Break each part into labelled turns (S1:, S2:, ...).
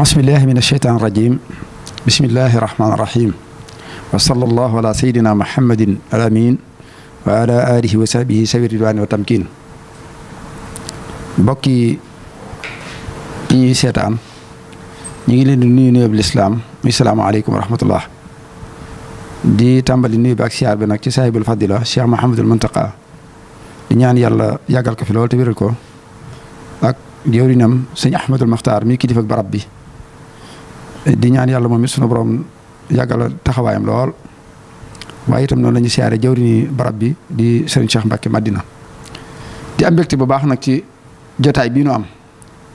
S1: bismillahi min asheytaan irajim bismillahi irahman irahim wa sala allahu ala sayidina al amin wa alihi wa sahbihi sawi ridwaani wa tamkin mbokki yi ñuy seetaan ñu ngi leen di nuyu nuyoo bi lislaam muy salaamaaleykum tàmbali nuyu bi ak siyaar bi nag ci saahibul fadila cheikh mahamadul muntaqa di ñaan yàlla yàggal ko fi loolu te wéral ko ak jëwrinam sëñ ahmadul maxtaar mi kilifak barab bi di ñaan yàlla moom mi sunu borom yàggal taxawaayam lool waaye itam noonu la ñu siyaare jawriñu barab bi di sëriñ Cheikh Mbacke Madina di am mbégte bu baax nag ci jotaay bii nu am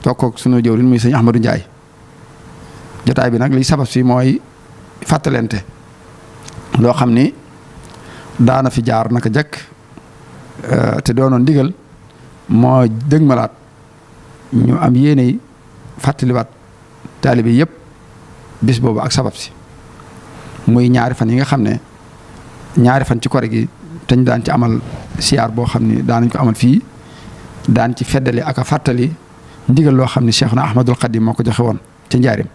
S1: toog koog sunu jawriñ muy sëñ Ahmadou Ndiaye jotaay bi nag liy sabab si mooy fàttalente loo xam ni daana fi jaar naka jëkk euh, te doonoon ndigal moo dëgmalaat ñu am yéene fàttaliwaat taalibe yëpp. bis boobu ak sabab si muy ñaari fan yi nga xam ne ñaari fan ci kore gi te daan ci amal siyaar boo xam ni daanañ ko amal fii daan ci feddali ak fàttali ndigal loo xam ne Cheikh na Ahmadul Xadim moo ko joxe woon ca njaarim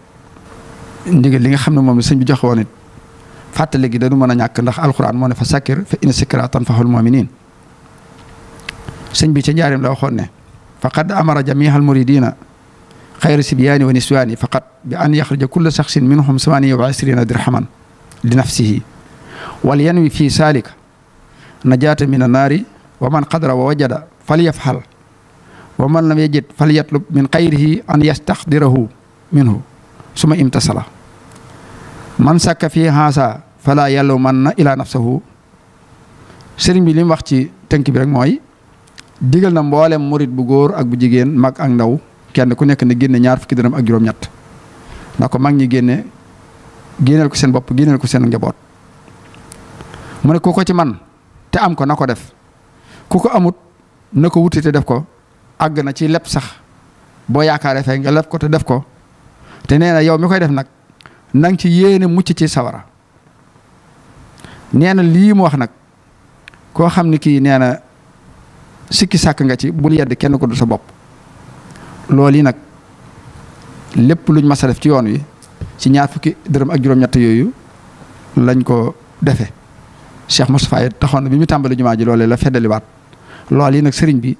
S1: ndigal li nga xam ne moom la sëñ bi joxe woon it fàttali gi dañu mën a ñàkk ndax alxuraan moo ne fa sakkir fa inna sikra tanfahul mu'minin sëñ bi ci njaarim la waxoon ne faqad amara jamiihal muridina xayra sibyaani wa niswaani faqat bi an yaxruja kulla saxsin minhum samaaniya wa ishrina dirhaman li nafsihi wal yanwi fi saalika najaata min annaari wa man qadara wa wajada falyafxal wa man lam yajid falyatlub min xayrihi an yastaxdirahu minhu suma imtasala man sàkka fii xaasa falaa yàlla man na ilaa nafsahu sëriñ bi li wax ci tënk bi rek mooy digal na mboolem murit bu góor ak bu jigéen mag ak ndaw kenn ku nekk na génne ñaar fukki dërëm ak juróom-ñett na ko mag ñi génne génneel ko seen bopp génneel ko seen njaboot mu ne ku ko ci man te am ko na ko def ku ko amut na ko wuti te def ko àgg na ci lepp sax boo yaakaaree fee nga lepp ko te def ko te nee na yow mi koy def nag nang ci yéene mucc ci sawara nee lii mu wax nag koo xam ni kii nee na sikki sàkk nga ci bul yedd kenn ko du sa bopp loolu yi nag lépp luñ mas a def ci yoon wi ci ñaar fukki dërëm ak juróom-ñett yooyu lañ ko defe Cheikh Moustapha it taxoon na bi mu tàmbali jumaa ji loolee la feddaliwaat lool yi nag sëriñ bi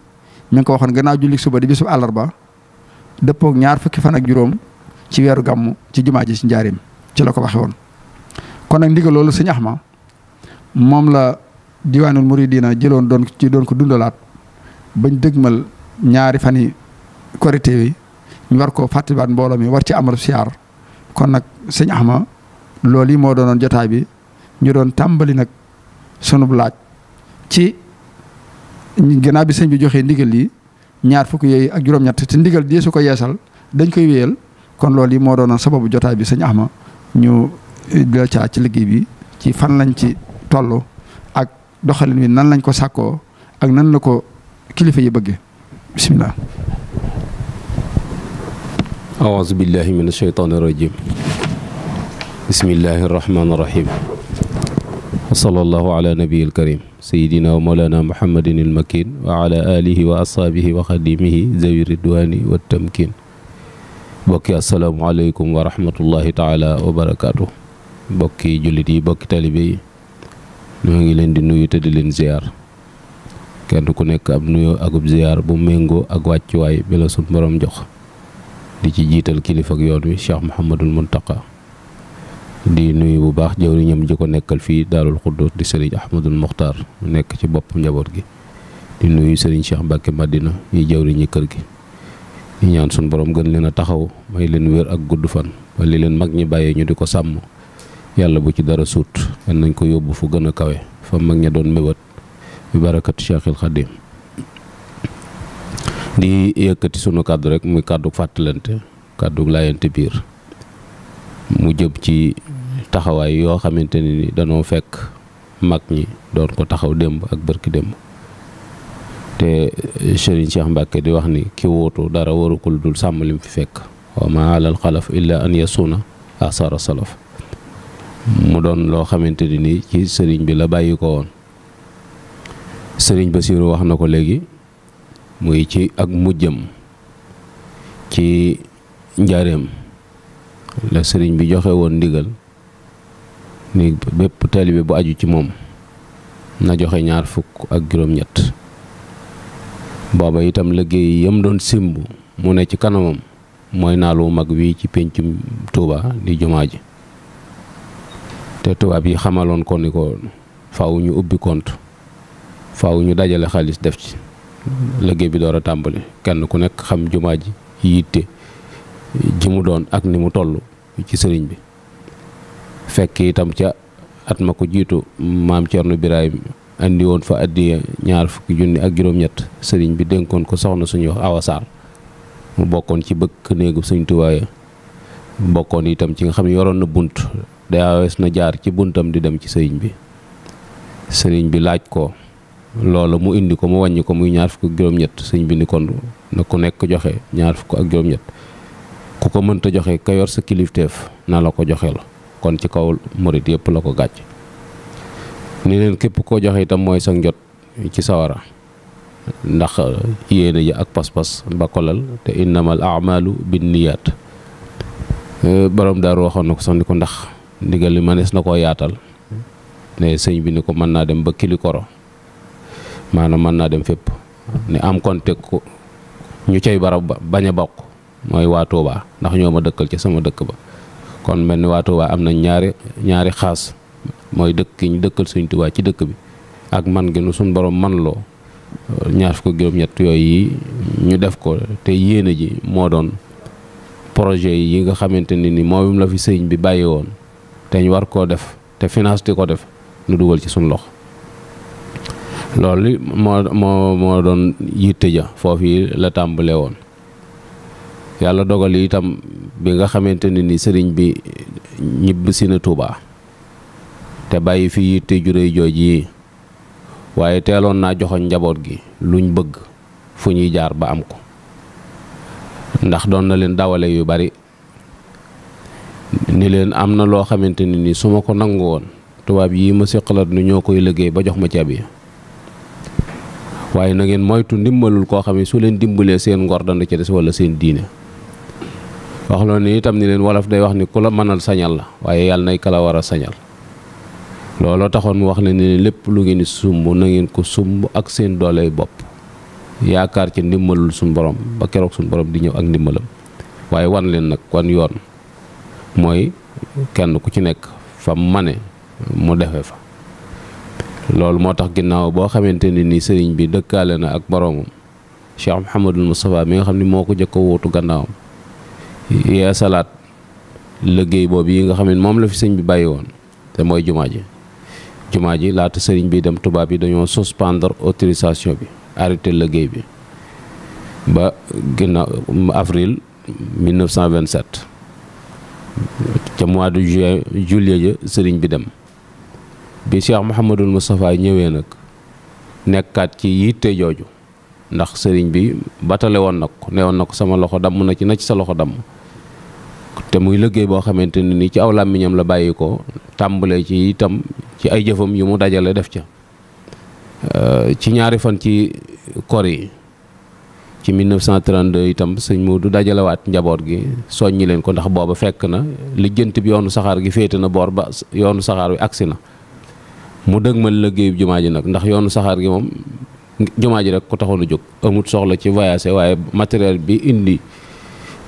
S1: mu ngi ko waxoon gannaaw julli suba di bisub àllarba dëppook ñaar fukki fan ak juróom ci weeru gàmmu ci jumaa ji ci njaarim ci la ko waxe woon kon nag ndigal loolu sëñ Axma moom la diwaanul muridina jëloon doon ci doon ko dundalaat bañ dëgmal ñaari fan korite bi ñu war koo fàttaliwaat mbooloo mi war ci amal siyaar kon nag sëñ Axma loolu yi moo doonoon jotaay bi ñu doon tàmbali nag sunub laaj ci ginnaaw bi sëñ bi joxee ndigal yi ñaar fukk yooyu ak juróom-ñett te ndigal di su ko yeesal dañ koy wéyal kon lool yi moo doonoon sababu jotaay bi sëñ Axma ñu dila caa ci liggéey bi ci fan lañ ci toll ak doxalin wi nan lañ ko sàkkoo ak nan la ko kilifa yi bëgge bismillah
S2: أعوذ بالله من الشيطان الرجيم بسم الله الرحمن الرحيم وصلى الله على نبي الكريم سيدنا ومولانا محمد المكين وعلى آله وأصحابه وخديمه ذوي الردوان والتمكين بوكي السلام عليكم ورحمة الله تعالى وبركاته بوكي جلدي بوكي طالبي نوغي لين دي نويو تدي لين زيار كان كو نيك اب نويو اكوب زيار بو مينغو اك واتيواي بلا سون بروم جوخ di ci jiital kilifa ak yoon wi Cheikh Mouhamadul Mountakha di nuyu bu baax jëwriñam ji ko nekkal fii Daarul Xuddoos di sëriñ Ahmadul Muxtaar nekk ci bopp njaboot gi di nuyu sëriñ Cheikh Mbacke Madina yi jëwriñi kër gi di ñaan suñu borom gën leen a taxaw may leen wér ak gudd fan ba li leen mag ñi bàyyee ñu di ko sàmm yàlla bu ci dara suut yan nañ ko yóbbu fu gën a kawe fa mag ña doon méwat bi barakatu Cheikhil Xadim di yëkkati sunu kàddu rek muy kàddu fàttalante kàddu laayante biir mu jëm ci taxawaay yoo xamante ni danoo fekk mag ñi doon ko taxaw démb ak bërki démb te Serigne Cheikh Mbacke di wax ni ki wóotu dara waru ko dul sàmm lim fi fekk wa ma alal xalaf illa an yasuna asara salaf mu doon loo xamante ni ci sëriñ bi la bàyyi ko woon sëriñ ba Basiru wax na ko léegi muy ci ak mujjam ci njaareem la sëriñ bi joxe woon ndigal ni bépp taalibe bu aju ci moom na joxe ñaar fukk ak juróom-ñett booba itam liggéey yam doon simb mu ne ci kanamam mooy naalu mag wi ci péncum Touba di jumaa ji te tubaab yi xamaloon ko ni ko faaw ñu ubbi compte faaw ñu dajale xaalis def ci liggéey bi door a tàmbali kenn ku nekk xam jumaa ji yitte ji mu doon ak ni mu toll ci sëriñ bi fekk itam ca at ma ko jiitu maam Thierno Birahim andi woon fa addiya ñaar fukki junni ak juróom-ñett sëriñ bi dénkoon ko soxna suñu wax Awa mu bokkoon ci bëkk néegu Sëriñ Tuubaa ya bokkoon itam ci nga xam ne yoroon na bunt daawees na jaar ci buntam di dem ci sëriñ bi sëriñ bi laaj ko loolu mu indi ko mu wàññi ko muy ñaar fukk ak juróom-ñett sëñ bi ni kon na ku nekk joxe ñaar fukk ak juróom-ñett ku ko mënta joxe ka sa kilifteef na la ko joxe la kon ci kaw murit yëpp la ko gàcc ni leen képp koo joxe itam mooy sa njot ci sawara ndax yéene yi ak pas-pas ba kolal te innamal amalu binniyaat borom daaru waxoon na ko sax ni ko ndax ndigal li mënees na koo yaatal ne sëñ bi ni ko mën naa dem ba kilikoro maanaam mën naa dem fépp ni am kon konte ko ñu cay barab ba bañ a bokk mooy waa baa ndax ñoo ma dëkkal ci sama dëkk ba kon mel ni waa Touba am nañ ñaari ñaari xaas mooy dëkk dëkkal suñ Touba ci dëkk bi ak man gi nu suñ borom man loo ñaar fukk juróom-ñett yooyu yi ñu def ko te yéene ji moo doon porojet yi nga xamante ni ni moom la fi sëñ bi bàyyi woon te ñu war koo def te finance di ko def nu dugal ci suñ loxo loolu moo moo moo doon yitte ja foofu yi la tàmbale woon yàlla dogal itam bi nga xamante ne ni sëriñ bi ñibbisi na Tuuba te bàyyi fi yitte juree jooj yi waaye teeloon naa joxoñ njaboot gi luñ bëgg fu ñuy jaar ba am ko ndax doon na leen dawale yu bari ni leen am na loo xamante ni su ma ko nangu woon tubaab yii ma séqalat nu ñoo koy liggéey ba jox ma ceeb yi waaye na ngeen moytu ndimbalul koo xam ne su leen dimbalee seen ngor dana ci des wala seen diine wax loolu ni itam ni leen wolof day wax ni ku la mënal sañal la waaye yàlla nay kala war a sañal looloo taxoon mu wax ne ni lépp lu ngeen di sumb na ngeen ko sumb ak seen dooley bopp yaakaar ci ndimbalul suñ borom ba keroog suñ borom di ñëw ak ndimbalam waaye wan leen nag wan yoon mooy kenn ku ci nekk fa mane mu defe fa loolu moo tax ginnaaw boo xamante ne ni sëriñ bi dëkkaale na ak boroomam Cheikh Mouhamadul Moustapha mi nga xam ne moo ko jëkk a wóotu yee salaat liggéey boobu yi nga xam ne moom la fi sëñ bi bàyyi woon te mooy jumaa ji jumaa ji laata sëriñ bii dem tubaab yi dañoo suspendre autorisation bi arrêté liggéey bi ba ginnaaw avril 1927 ca mois de juin juillet ja sëriñ bi dem bi Cheikh Mouhamadul Moustapha ñëwee nag nekkaat ci yitte jooju ndax sëriñ bi batale woon nag ko ne woon na ko sama loxo damm na ci nag sa loxo damm te muy liggéey boo xamante ni ci aw làmmiñam la bàyyi ko tàmbale ci itam ci ay jëfam yu mu dajale def ca euh, ci ñaari fan ci kor yi ci 1932 itam sëñ Moodu dajalewaat njaboot gi soññi leen ko ndax booba fekk na lijjant bi yoonu saxaar gi féete na boor ba yoonu saxaar wi agsi na mu dëgmal liggéeyu jumaa ji nag ndax yoonu saxaar gi moom jumaa ji rek ko taxoon a jóg amut soxla ci voyage waaye matériel bi indi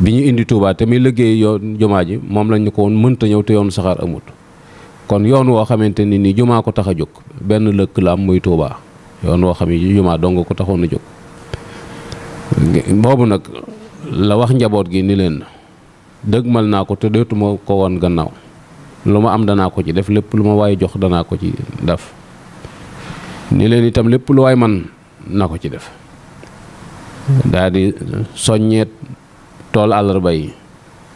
S2: bi ñu indi Touba te muy liggéey yoon jumaa ji moom lañ ñu ko woon mënta ñëw te yoonu saxaar amut kon yoon woo xamante ni nii jumaa ko tax a jóg benn lëkk la muy tuubaa yoon woo xam ne jumaa dong ko taxoon a jóg boobu nag la wax njaboot gi ni leen dëgmal naa ko te dootuma ko woon gannaaw lu ma am danaa ko ci def lépp lu ma waay jox danaa ko ci daf ni leen itam lépp lu waay man na ko ci def daa soññeet tool àllarba yi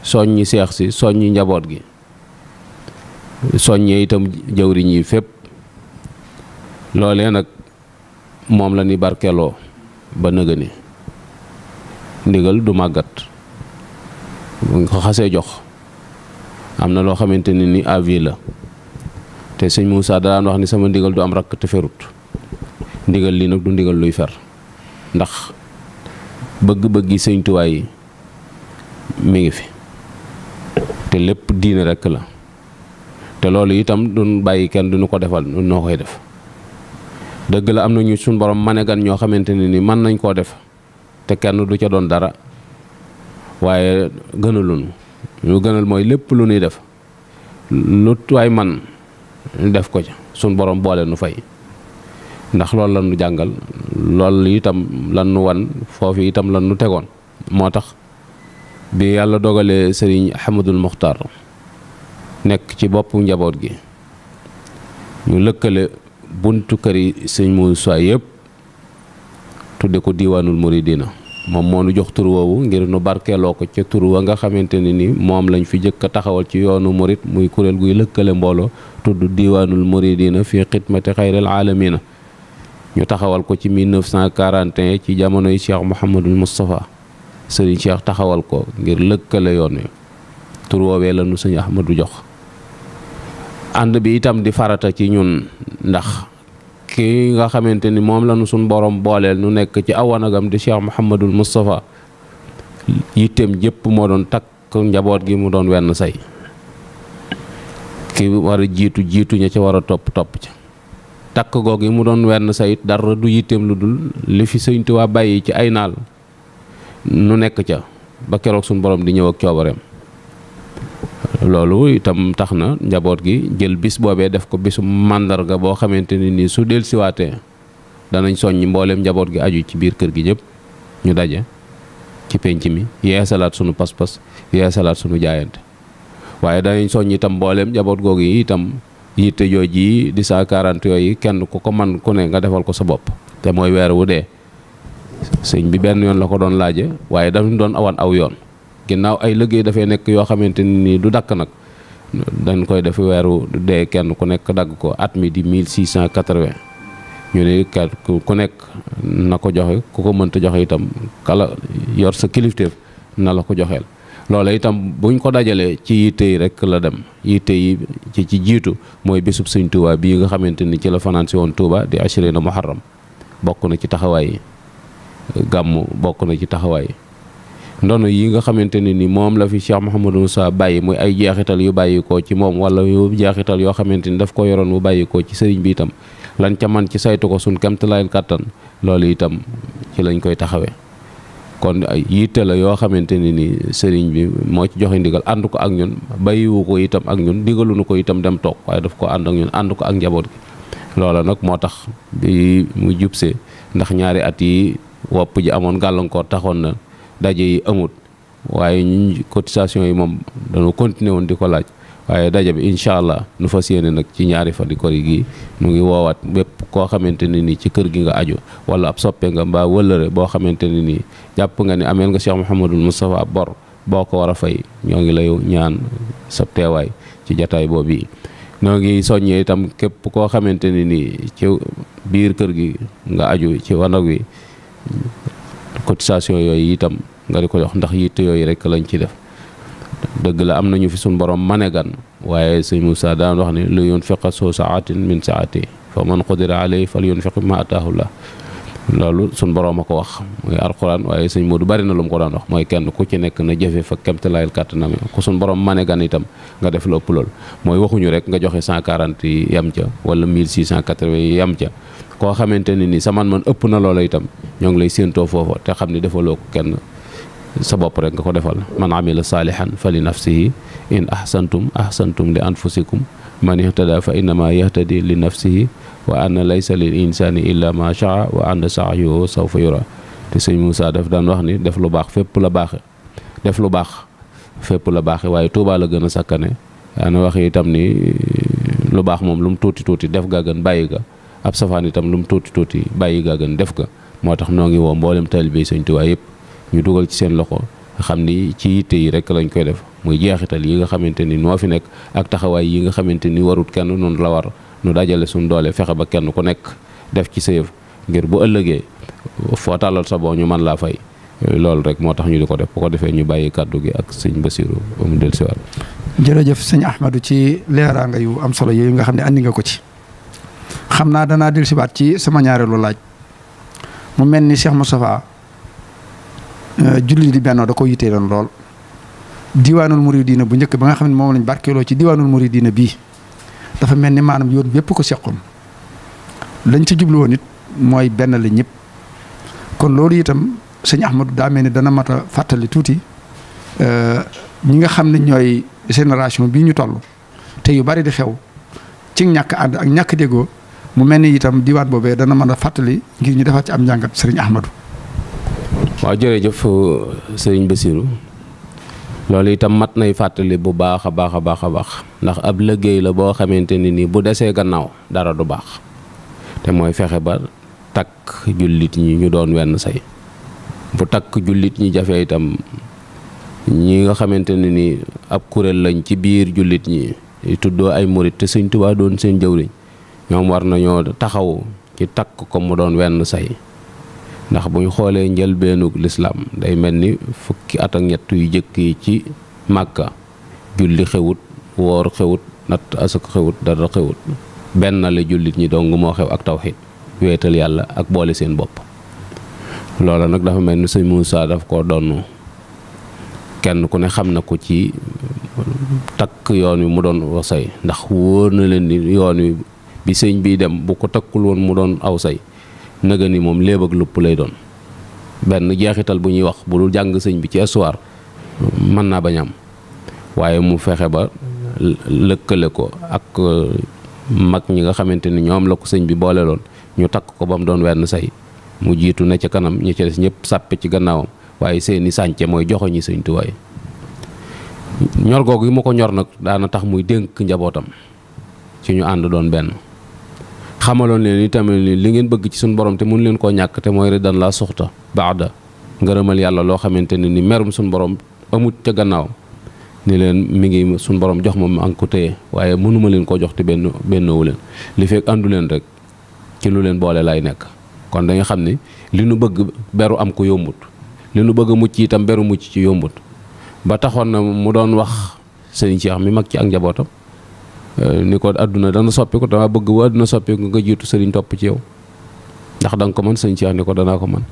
S2: soññi seex si soññi njaboot gi soññee itam jawriñ yi fépp loolee nag moom la ni barkeloo ba nëga ni du màggat nga ko xasee jox am na loo xamante ne ni avis la te sëñ Moussa da wax ni sama ndigal du am rakk te ferut ndigal lii nag du ndigal luy fer ndax bëgg-bëggi sëñ tuwaay yi mi ngi fi te lépp diine rekk la te loolu itam du bàyyi kenn duñu ko defal nun noo koy def dëgg la am na ñu suñ borom mane gan ñoo xamante ne ni mën nañ koo def te kenn du ca doon dara waaye gënaluñu lu gënal mooy lépp lu nuy def lu tuwaay man def ko ci suñ borom boole nu fay ndax loolu lan nu jàngal loolu itam lan nu wan foofu itam lan nu tegoon moo tax bi yàlla dogalee sëriñ Ahmadul Muxtaar nekk ci boppu njaboot gi ñu lëkkale buntu kër yi sëñ Muusaa yëpp tudde ko diiwaanul muridina moom moo nu jox tur woowu ngir nu barkeeloo ko ca tur wa nga xamante ne ni moom lañ fi jëkk a taxawal ci yoonu murit muy kuréel guy lëkkale mbooloo tudd diiwaanul muridina fii xidmati xayril na ñu taxawal ko ci 1941 ci jamonoy Cheikh Mouhamadul Moustapha sëriñ Cheikh taxawal ko ngir lëkkale yoon yi tur woowee la nu sëñ Ahmadu jox ànd bi itam di farata ci ñun ndax. ki nga xamante ni moom lañu suñ borom booleel nu nekk ci aw awanagam di Cheikh Mouhamadul Moustapha yitteem jëpp moo doon takk njaboot gi mu doon wenn say ki war a jiitu jiitu ña ca war a topp topp ca takk goog yi mu doon wenn sayit dara du yitteem lu dul li fi sëñ Tuubaa bàyyi ci ay naal nu nekk ca ba keroog suñ borom di ñëw ak coobareem loolu itam tax na njaboot gi jël bis boobee def ko bisu màndarga boo xamante ne nii su del siwaatee danañ soññ mbooleem njaboot gi aju ci biir kër gi ñëpp ñu daje ci penc mi yeesalaat sunu pas-pas yeesalaat sunu jaayante waaye danañ soññ itam mbooleem njaboot googu yi itam yitte jooj yi di saa quarante yooyu kenn ku ko man ku ne nga defal ko sa bopp te mooy weer wu dee sëñ bi benn yoon la ko doon laaje waaye dañu doon wan aw yoon ginnaaw ay liggéey dafay nekk yoo xamante nii du dakk nag dañ koy def weeru dee kenn ku nekk dagg ko at mi di 1680 ñu ne ku nekk na ko joxe ku ko mënta joxe itam kala yor sa kilifteef na la ko joxeel loola itam buñ ko dajalee ci yitte yi rek la dem yitte yi ci ci jiitu mooy bésub sëñ Tuubaa bii nga xamante ni ci la fanaan si woon Tuubaa di ashirina muharram bokk na ci taxawaay yi gàmm bokk na ci taxawaay ndono yii nga xamante ne ni moom la fi Cheikh Mouhamadou Moussa bàyyi muy ay jeexital yu bàyyikoo ci moom wala yu jeexital yoo xamante ni daf ko yoroon mu bàyyikoo ci bi itam lan ca ci saytu ko suñ kamtalaayal kàttan loolu itam ci lañ koy taxawee kon yitte la yoo xamante ne ni sëriñ bi moo ci joxe ndigal ànd ko ak ñun bàyyiwu ko itam ak ñun digaluñu ko itam dem toog waaye daf ko ànd ak ñun ànd ko ak njaboot gi loola nag moo tax bi mu jubsee ndax ñaari at yi wopp ji amoon gàllankoor taxoon na daje yi amut waaye ñu cotisation yi moom dañu continuer woon di ko laaj waaye daje bi incha allah nu fa yéene nag ci ñaari fan di kori gi mu ngi woowaat bépp koo xamante ne nii ci kër gi nga aju wala ab soppee nga mbaa wëllëre boo xamante ne nii jàpp nga ni ameel nga Cheikh Mouhamadul Moustapha bor boo ko war a fay ñoo ngi lay ñaan sa teewaay ci jataay boobu yi ñoo ngi soññee itam képp koo xamante ne nii ci biir kër gi nga aju ci wanag wi cotisation yooyu itam nga di ko jox ndax yitte yooyu rek lañ ci def dëgg la am nañu fi suñu borom mane gan waaye sëñ Moussa daan wax ne lu yunfiqa soo saatin min saati fa man qudira alayhi fal yunfiq ma ataahu llah loolu suñ boroom a ko wax muy alxuraan waaye moo Moodu bari na lu mu ko daan wax mooy kenn ku ci nekk na jëfe fa kemtalaayal kàttanam ku suñ borom mane gan itam nga def lu ëpp lool mooy waxuñu rek nga joxe 140 yi yam ca wala 1680 yi yam ca koo xamante ne ni sa man-man ëpp na loola itam ñoo ngi lay séentoo foofa te xam ni defaloo ko kenn sa bopp rek nga ko defal man amila saalihan fa li nafsihi in ahsantum ahsantum li anfusikum man ihtada fa innama yahtadi li nafsihi wa anna laysa lil insaani illa ma shaa wa anna sa'yuhu sawfa yura te sëñ Moussa daf daan wax ni def lu baax fépp la baaxe def lu baax fépp la baaxe waaye Tuubaa la gën a sakkane daana wax itam ni eh, lu baax moom lu mu tuuti tuuti def gaa bàyyi ga ab safaan lu mu tuuti tuuti bàyyi gaa gën def ga moo tax noo ngi woo mboolem taalibe sëñ Tuubaa yëpp ñu dugal ci seen loxo xam ni ci yitte yi rek lañ koy def muy jeexital yi nga xamante ni noo fi nekk ak taxawaay yi nga xamante ni warut kenn noonu la war nu dajale suñu doole fexe ba kenn ku nekk def ci sa yëf ngir bu ëllëgee foo tàllal sa boo ñu man laa fay loolu rek moo tax ñu di ko def bu ko defee ñu bàyyi kàddu gi ak sëñ Basiru ba mu dellusiwaat.
S1: jërëjëf sëñ Ahmadou ci leeraanga yu am solo yooyu nga xam ne andi ko ci xam naa danaa dellusiwaat ci sama ñaareelu laaj mu mel ni Cheikh Moustapha euh, julli di benn da ko yitee lool. diwaanul muridina bu njëkk ba nga xam ne moom lañ barkeeloo ci diwaanul muridina bii dafa mel ni maanam yoon yépp ko seqoon lañ ci jublu woon it mooy benn la ñëpp kon loolu itam sëñ Ahmadou daa mel ni dana mat a fàttali tuuti euh, ñi nga xam ne ñooy génération bii ñu toll te yu bari di xew ci ñàkk ànd ak ñàkk déggoo mu mel ni itam diwaan boobee dana mën a fàttali ngir ñu defaat ci am njàngat sëriñ Ahmadou.
S2: waaw jërëjëf euh, sëriñ Bassirou loolu itam mat nay fàttali bu baax a baax a baax a baax ndax ab liggéey la boo xamante ni nii bu desee gannaaw dara du baax te mooy fexe ba takk jullit ñi ñu doon wenn say bu takk jullit ñi jafe itam ñi nga xamante ne ni ab kuréel lañ ci biir jullit ñi tuddoo ay murit te Sëñ Tuubaa doon seen jëwriñ ñoom war nañoo taxaw ci takk ko mu doon wenn say ndax bu ñu xoolee njëlbeenu lislaam day mel ni fukki atak ñett yu jëkk yi ci màkka julli xewut woor xewut natt asuk xewut dara xewut benn la jullit ñi dong moo xew ak tawxiid wéetal yàlla ak boole seen bopp loola nag dafa mel ni sëñ Moussa daf ko donn kenn ku ne xam na ko ci takk yoon wi mu doon aw say ndax wóor na leen ni yoon wi bi sëñ bii dem bu ko takkul woon mu doon aw say naga ni moom léeb ak lupp lay doon benn jeexital bu ñuy wax bu dul jàng sëñ bi ci histoire mën naa bañ am waaye mu fexe ba lëkkale ko ak euh, mag ñi nga xamante ni ñoom la ko sëñ bi boole loon ñu takk ko ba mu doon wenn say mu jiitu na ca kanam ñi ca des ñëpp sàppe ci gannaawam waaye seeni sànce mooy joxoñi sëñ tuwaay ñor googu mu ko ñor nag daana tax muy dénk njabootam ci ñu ànd doon benn xamaloon leen itamit li ngeen bëgg ci suñu borom te mun leen koo ñàkk te mooy ridan laa suxta baada ngërëmal yàlla loo xamante ne ni merum suñu borom amut ca gannaaw ni leen mi ngi suñu borom jox ma mu ang ko téye waaye mënuma leen koo jox te benn bennwu leen li fekk àndu leen rek ci lu leen boole lay nekk kon da xam ne li nu bëgg beru am ko yombut li nu bëgg a mucc itam beru mucc ci yombut ba taxoon na mu doon wax sëñ Cheikh mi mag ci ak njabootam Euh, ni ko adduna dana soppi ko dama bëgg bu adduna soppi nga jiitu sëriñ topp ci yow ndax da ko mën sëñ Cheikh ni ko danaa ko mën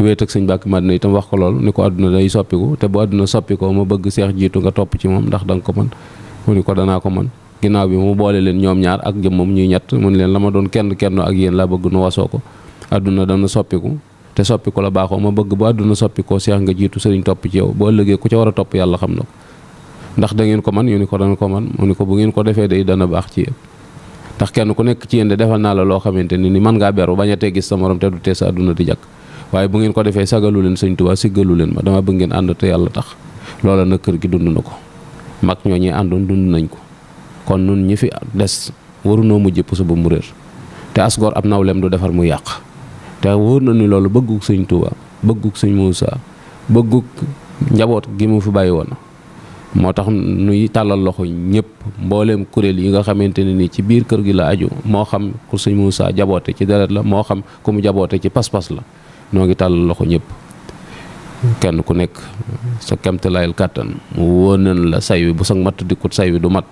S2: wéet ak sëñ Bàkki Madina itam wax ko loolu ni ko adduna day soppiku te bu adduna ma bëgg Cheikh jiitu nga topp ci moom ndax da nga ko mën ni ko danaa ko mën ginnaaw bi mu boole leen ñoom ñaar ak jëmmam ñuy ñett mu leen la ma doon kenn kenn ak yéen laa bëgg nu wasoo ko adduna dana soppiku te soppiku la baaxoo ma bëgg bu adduna soppikoo Cheikh nga jiitu sëriñ topp ci yow bu ëllëgee ku ca war a topp yàlla xam na ko ndax da ngeen ko man ñu ni ko dana ko man mu ni ko bu ngeen ko defee day dana baax ci yéen ndax kenn ku nekk ci yéen de defal naa la loo xamante ni ni mën ngaa beru bañ a tee gis sa morom te du tee sa àdduna di jàkk waaye bu ngeen ko defee sagalu leen sëñ Tuubaa siggalu leen ma dama bëgg ngeen ànd te yàlla tax loola na kër gi dund na ko mag ñoo ñee àndoon dund nañ ko kon nun ñi fi des warunoo mujj puso ba mu réer te asgoor ab nawleem du defar mu yàq te wóor na ni loolu bëggug sëñ bëggug sëñ Muusaa bëggug njaboot gi mu fi bàyyi woon moo tax nuy tàllal loxo ñëpp mbooleem kuréel yi nga xamante ne nii ci biir kër gi la aju moo xam ku sëñ Moussa jaboote ci deret la moo xam ku mu jaboote ci pas-pas la noo ngi tàllal loxo ñëpp kenn ku nekk sa kemtalaayal kàttan mu wóonan la say wi bu sa matt dikkut say wi du mat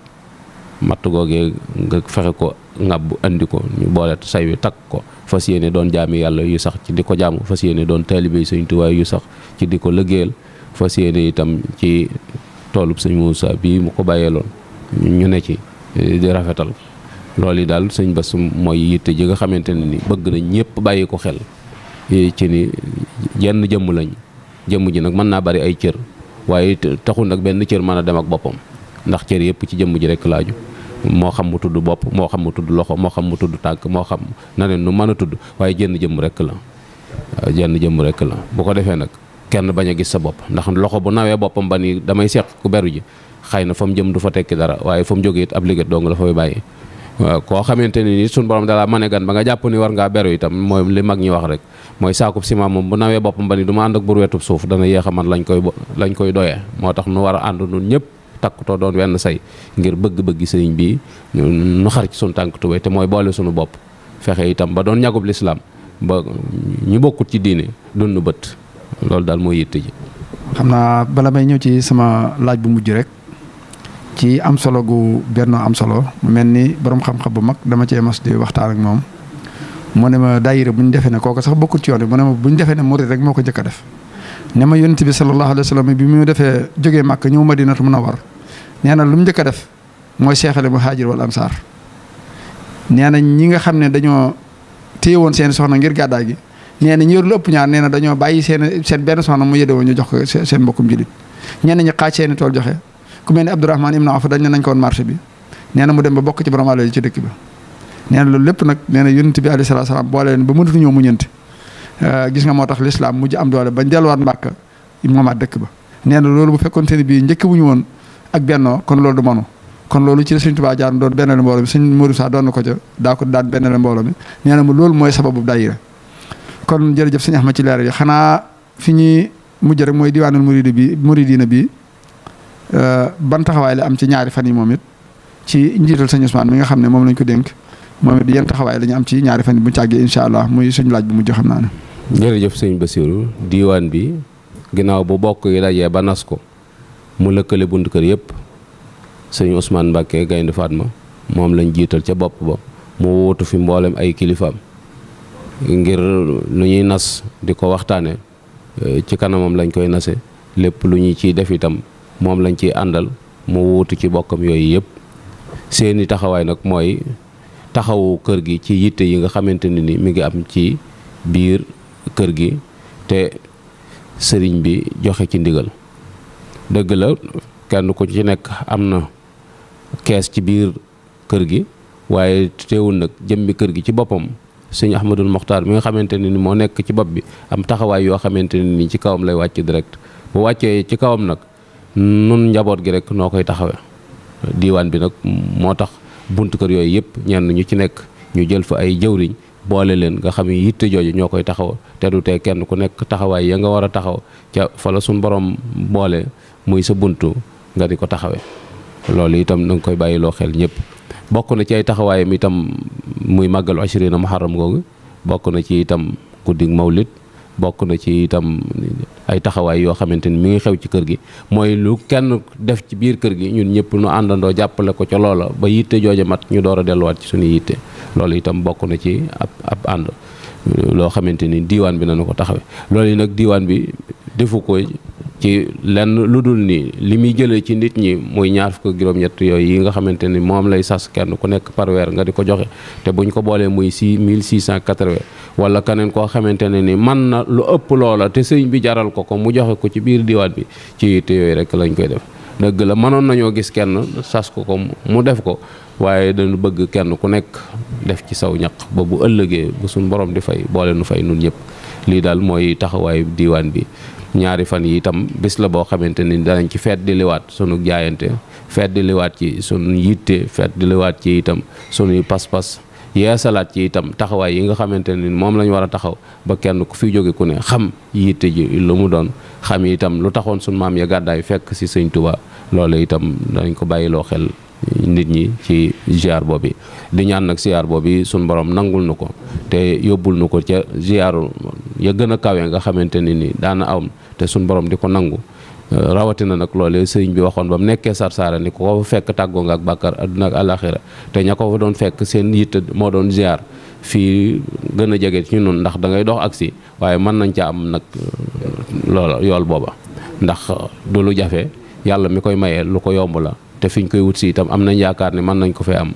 S2: matt googee nga fexe ko ngàbb indi ko ñu boole say wi takk ko fas yéene doon jaami yàlla yu sax ci di ko jaamu fas yéene doon taalibe Sëñ Tuubaa yu sax ci di ko lëggéeyal fas yéene itam ci toolu sëñ Moussa bii mu ko bàyyee lool ñu ne ci eh, di rafetal loolu yi daal sëñ sum mooy yitte ji nga xamante ne ni bëgg na ñëpp bàyyi ko xel eh, ci ni jenn jëmm lañ jëmm ji nag mën naa bari ay cër waaye taxul nag benn cër mën a dem ak boppam ndax cër yëpp ci jëmm ji rek laaju moo xam mu tudd bopp moo xam mu tudd loxo moo xam mu tudd tànk moo xam na ne nu mën a tudd waaye jenn jëmm rekk la jenn jëmm rek la bu ko defee nag kenn bañ a gis sa bopp ndax loxo bu nawee boppam ba ni damay seq ku beru ji xëy na fa mu jëm du fa tekki dara waaye fa mu jógee it ab liggéey dong la fay bàyyi waaw koo xamante ni suñu borom dalaa mane gan ba nga jàpp ni war ngaa beru itam mooy li mag ñi wax rek mooy saakub ciment moom bu nawee boppam ba ni du ma ànd ak bur wetub suuf dana yéex man lañ koy lañ koy doyee moo tax nu war a ànd nun ñëpp takkutoo doon wenn say ngir bëgg-bëgg sëriñ bi nu xar ci suñu tànk tubéy te mooy boole suñu bopp fexe itam ba doon ñagub lislaam ba ñu bokkut ci loolu daal mooy yitte ji.
S1: xam naa bala may ñëw ci sama laaj bu mujj rek ci am solo gu benn am solo mel ni borom xam-xam bu mag dama cee mas di waxtaan ak moom moo ne ma daayira bu ñu defee ne kooku sax bokkul ci yoon bi mu ne ma bu ñu defee ne murid rek moo ko njëkk a def. ne ma yonent bi sallallahu alayhi wa sallam bi mu defee jóge màkk ñëw ma dina a war nee na lu mu njëkk a def mooy seexale mu haajir wal ansaar nee na ñi nga xam ne dañoo téye woon seen soxna ngir gàddaay gi. nee na ñëwru lu ëpp ñaar nee dañoo bàyyi seen seen benn soxna mu yëdewoo ñu jox ko seen mbokkum jullit ñenn ñi xaaj seeni tool joxe ku mel ni Abdourahman Ibn ne nañ ko woon marché bi nee na mu dem ba bokk ci borom àll yi ci na loolu lépp nag na yonent bi alayhi salaatu salaam nga moo tax lislaam mujj am doole bañ delluwaat Mbàkk moomaat dëkk ba nee na loolu bu fekkonte ne bii njëkk wuñu woon ak bennoo kon loolu du manu kon loolu ci la Sëriñ Tuubaa jaar doon benn la mbooloo mi Sëriñ Modou Sa doon na ko ca daa ko daan kon jërëjëf sëñ Ahmad ci leeral yi xanaa fi ñuy mujj rek mooy diwaanul muridi bi muridina bi euh, ban taxawaay la am ci ñaari fan yi moom it ci njiital sañ Ousmane bi nga xam ne moom lañ ko dénk moom it yan taxawaay la am ci ñaari fan yi bu càggee incha allah muy suñu laaj bu mujj xam naa ne.
S2: jërëjëf sëñ Basiru diwaan bi ginnaaw bu bokk yi dajee ba nas ko mu lëkkale bunt kër yëpp sëñ Ousmane Mbacke Gaynde Fatma moom lañ jiital ca bopp ba mu wóotu fi mboolem ay kilifaam. ngir lu ñuy nas di ko waxtaane eh, ci kanamam lañ koy nase lépp lu ñu ciy def itam moom lañ ciy àndal mu wuutu ci bokkam yooyu yëpp seeni taxawaay nag mooy taxawu kër gi ci yitte yi nga xamante ne ni mi ngi am ci biir kër gi te sëriñ bi joxe ci ndigal dëgg la kenn ku ci nekk am na kees ci biir kër gi waaye teewul nag jëmmi kër gi ci boppam sëñ Ahmadul Moxtaar mi nga xamante ne ni moo nekk ci bopp bi am taxawaay yoo xamante ni ne ni ci kawam lay wàcc direct bu wàccee ci kawam nag nun njaboot gi rek noo koy taxawe diwaan bi nag moo tax buntu kër yooyu yëpp ñenn ñu ci nekk ñu jël fa ay jëwriñ boole leen nga xam ni yitte jooju ñoo koy taxaw te du tee kenn ku nekk taxawaay ya nga war a taxaw ca fa suñ borom boole muy sa bunt nga di ko taxawe loolu itam na nga koy bàyyiloo xel ñëpp bokk na ci ay taxawaayam itam muy màggalu ashirina muharram googu bokk na ci itam guddi mawlid bokk na ci itam ay taxawaay yoo xamante ni mi ngi xew ci kër gi mooy lu kenn def ci biir kër gi ñun ñëpp nu àndandoo jàppale ko ca loola ba yitte jooja mat ñu door a delluwaat ci suñu yitte loolu itam bokk na ci ab ab ànd loo xamante ni diiwaan bi nañu ko taxawe loolu yi nag diiwaan bi defu ko ci lenn lu dul nii li muy jëlee ci nit ñi muy ñaar fukk juróom-ñett yooyu yi nga xamante ni moom lay sas kenn ku nekk parweer nga di ko joxe te buñ ko boolee muy six mille six cent quatre-vingts wala keneen koo xamante ne ni mën na lu ëpp loola te sëñ bi jaral ko ko mu joxe ko ci biir diwaan bi ci yitte yooyu rek lañ koy def dëgg la manoon nañoo gis kenn sas ko ko mu def ko waaye dañu bëgg kenn ku nekk def ci saw ñaq ba bu ëllëgee bu suñ borom di fay boole nu fay nun ñëpp lii daal mooy taxawaayu diwaan bi ñaari fan yi itam bis la boo xamante ni danañ ci feet di liwaat sunu jaayante feet di liwaat ci sunu yitte feet di liwaat ci itam sunuy pas-pas salaat ci itam taxawaay yi nga xamante ni moom lañ war a taxaw ba kenn ku fi jóge ku ne xam yitte ji lu mu doon xam itam lu taxoon sunu maam ya gàddaay fekk si sëñ Tuubaa loolu itam danañ ko bàyyi loo xel nit ñi ci ziar boobu di ñaan nag ziar boobu suñ borom nangul nu ko te yóbbul nu ko ca ziaru ya gën a kawe nga xamante ne nii daana am te suñ borom di ko nangu euh, rawatina nag loolee sëriñ bi waxoon ba mu nekkee sarsaara ni ko ko fekk tàggoo nga ak bàkkar àdduna ak àlaxira te ña ko fa doon fekk seen yitte moo doon ziar fii gën a jege ci ñun ndax dangay ngay dox agsi waaye mën nañ ca am nag euh, loola yool booba ndax du lu jafe yàlla mi koy mayee lu ko yomb la te fiñ koy wut si itam am nañ yaakaar ne mën nañ ko fee am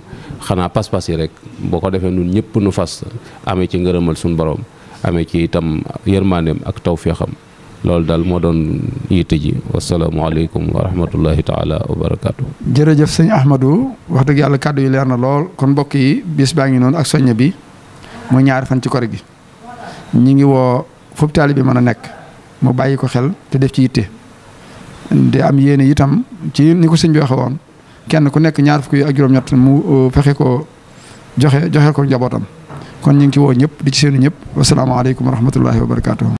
S2: xanaa pas-pas yi rek boo ko defee nun ñëpp nu fas amee ci ngërëmal suñu borom amee ci itam yërmandeem ak tawféexam loolu daal moo doon yitte ji wasalaamaaleykum wa rahmatullahi taala wa barakaatu.
S1: jërëjëf sëñ Ahmadou wax dëgg yàlla kàddu yi leer na lool kon mbokk yi bis baa ngi noonu ak soññe bi mu ñaari fan ci kor gi ñu ngi woo foofu taalibe bi mën a nekk mu bàyyi ko xel te def ci yitte. di am yéene itam ci ni ko sëñ bi waxe kenn ku nekk ñaar fukki ak juróom-ñett mu uh, fexe ko joxe joxe ko njabootam kon ñu ngi ci woo ñëpp di ci seenu ñëpp wasalaamaaleykum wa rahmatullahi wa barakaatu.